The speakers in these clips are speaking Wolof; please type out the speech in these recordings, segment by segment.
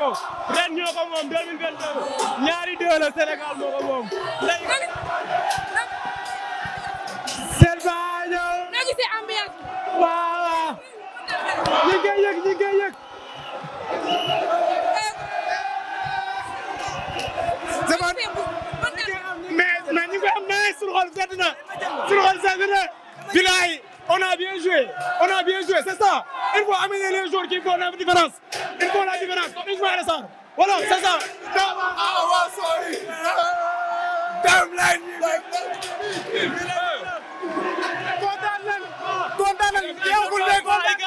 ko ren ñoo ko moom ñaari deux Sénégal moo ko moom. Selvaño. nga gisee ambiance bi. waaw. ñu ngi koy yëg ñu ngi koy yëg. mais mais ñu ngi on a bien joué c'est ça. il faut amener les joueurs qui font la différence il faut la différence comme Ismaïla Sarr voilà c'est ça dem leen kontaan nañ kontaan nañ yeewul de kontaan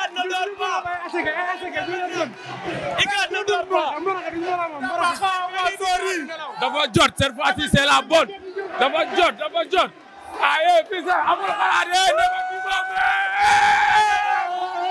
nañ dafa jot cette fois-ci c'est la bonne dafa jot dafa jot aye fii sax amul xalaat eh,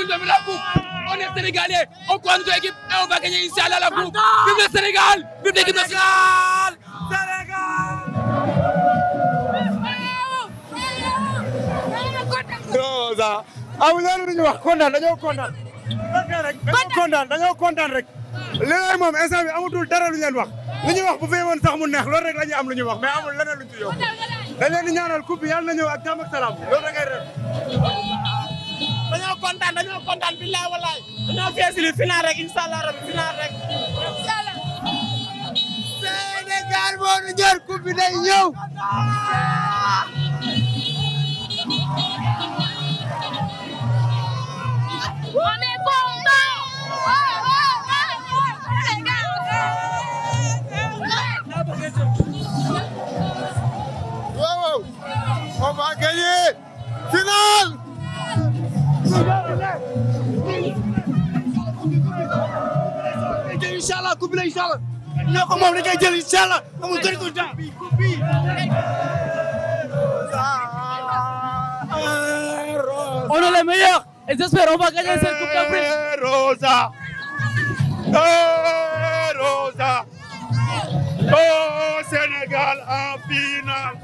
coupe, on veut la coupe. On est sénégalais, on croit en notre équipe et on va la coupe. Vive le Sénégal, vive l'équipe nationale. Sénégal. aw ah, lu ñu wax kontaan dañoo kontaan. kontaan dañoo kontaan rek. léeg-léeg moom instant bi amatul dara lu ñu leen wax. li ñu wax woon sax mu neex loolu rek la ñuy am lu ñu wax mais amul leneen lu ñu ci yokku. dañ dañoo kontaan dañoo kontaan billaay wallaay dañoo feesi li final rek incha allah rabi final rek. Sénégal moo ñu ñor coupe bi day ñëw. waaw waaw coupe bi la incha allah ñoo ko moom da koy jël incha allah amul gën ko taa. on est les meilleurs et j'espère on va gagner cette coupe d'Afrique. Eh, Rosa. Eh, Rosa. Oh Sénégal en finale.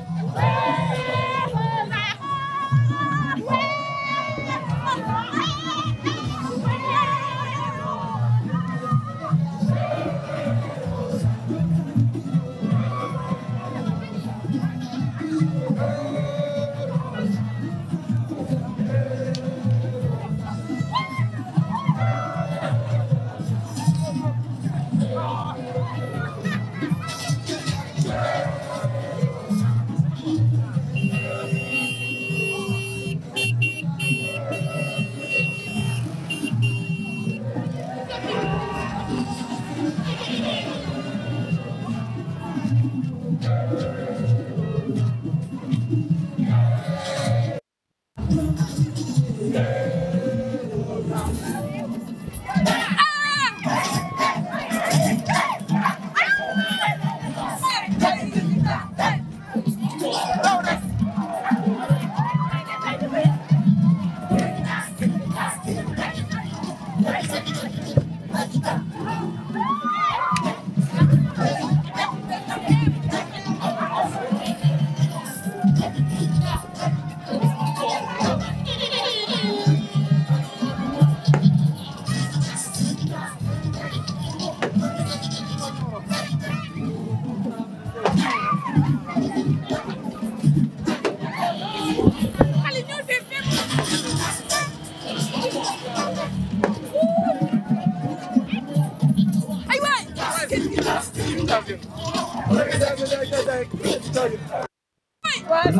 What?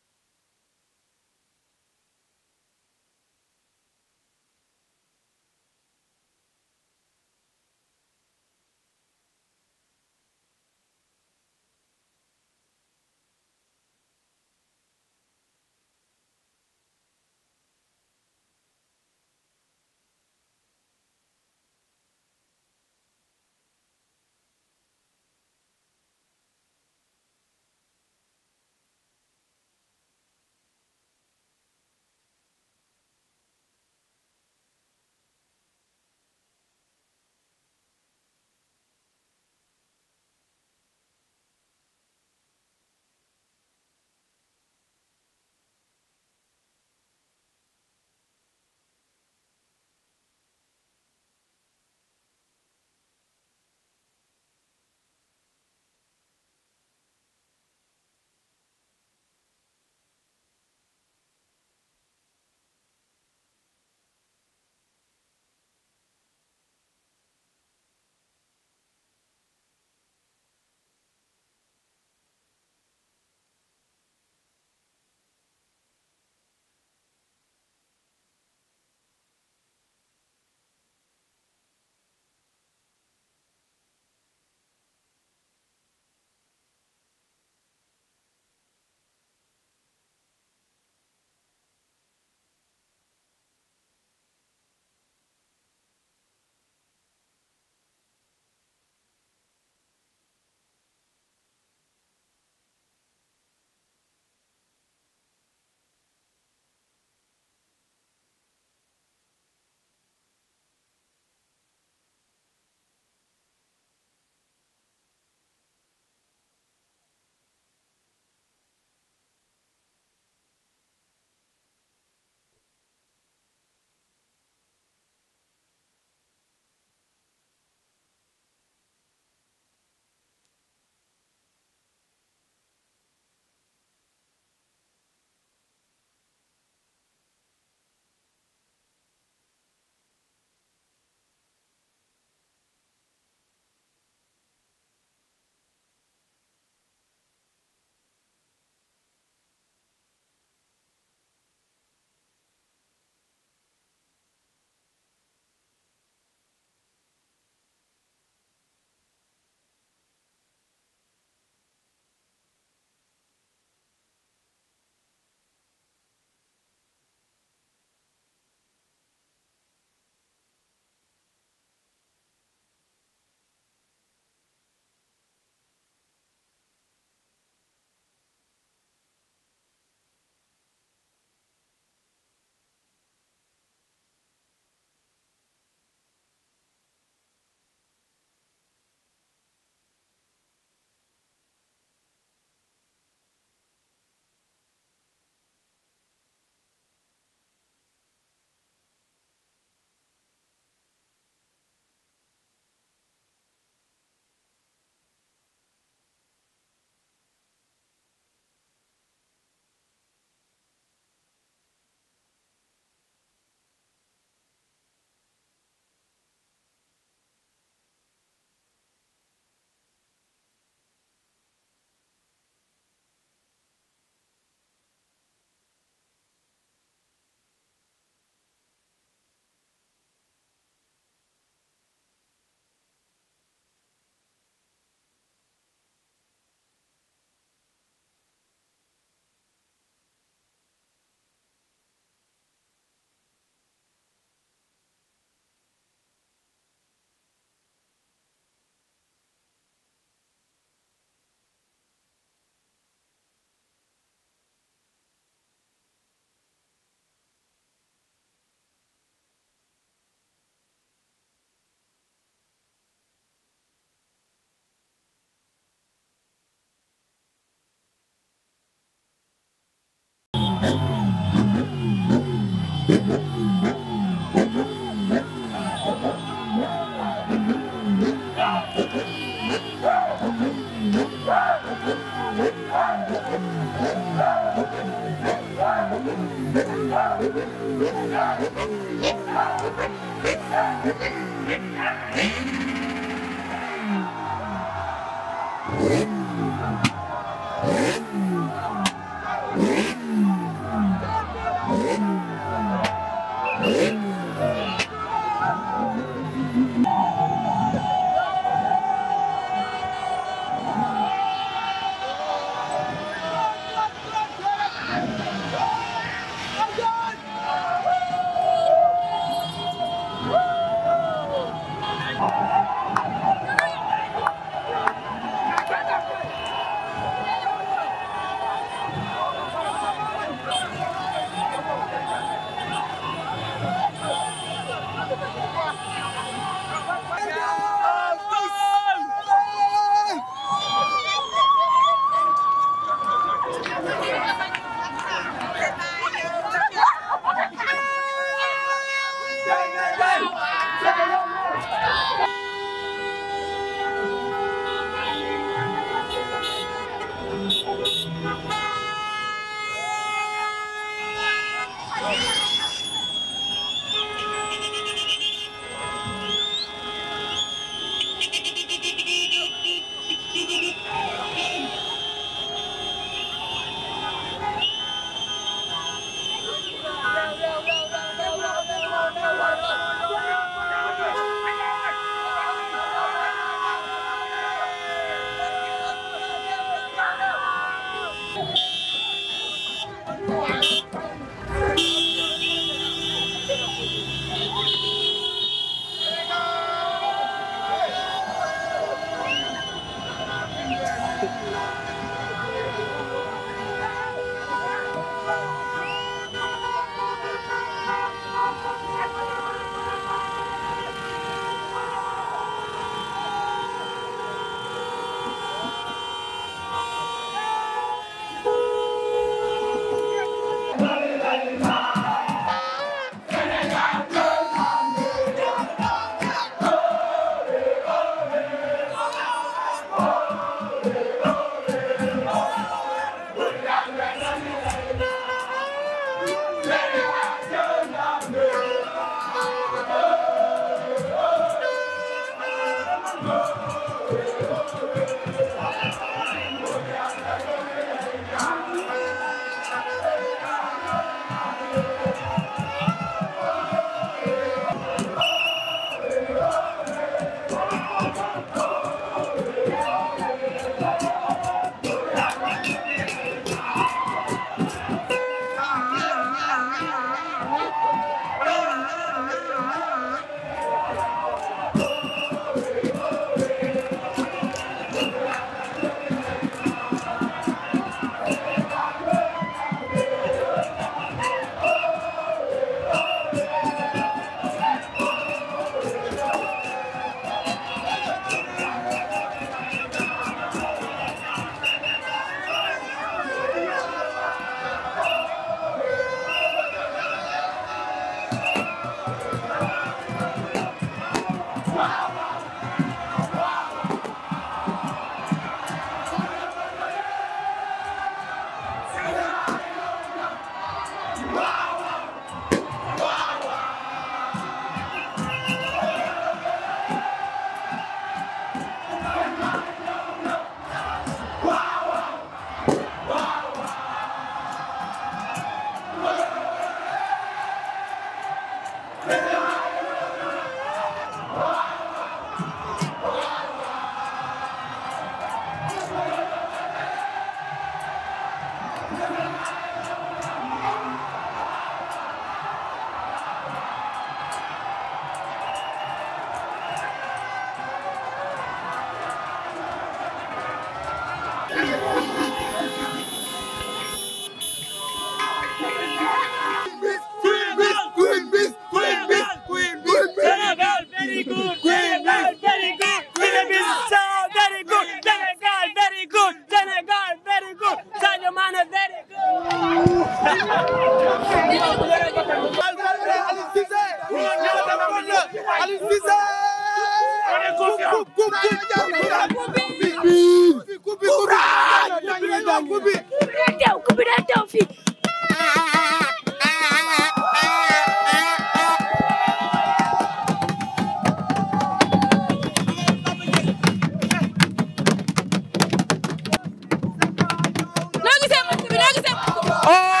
Oh!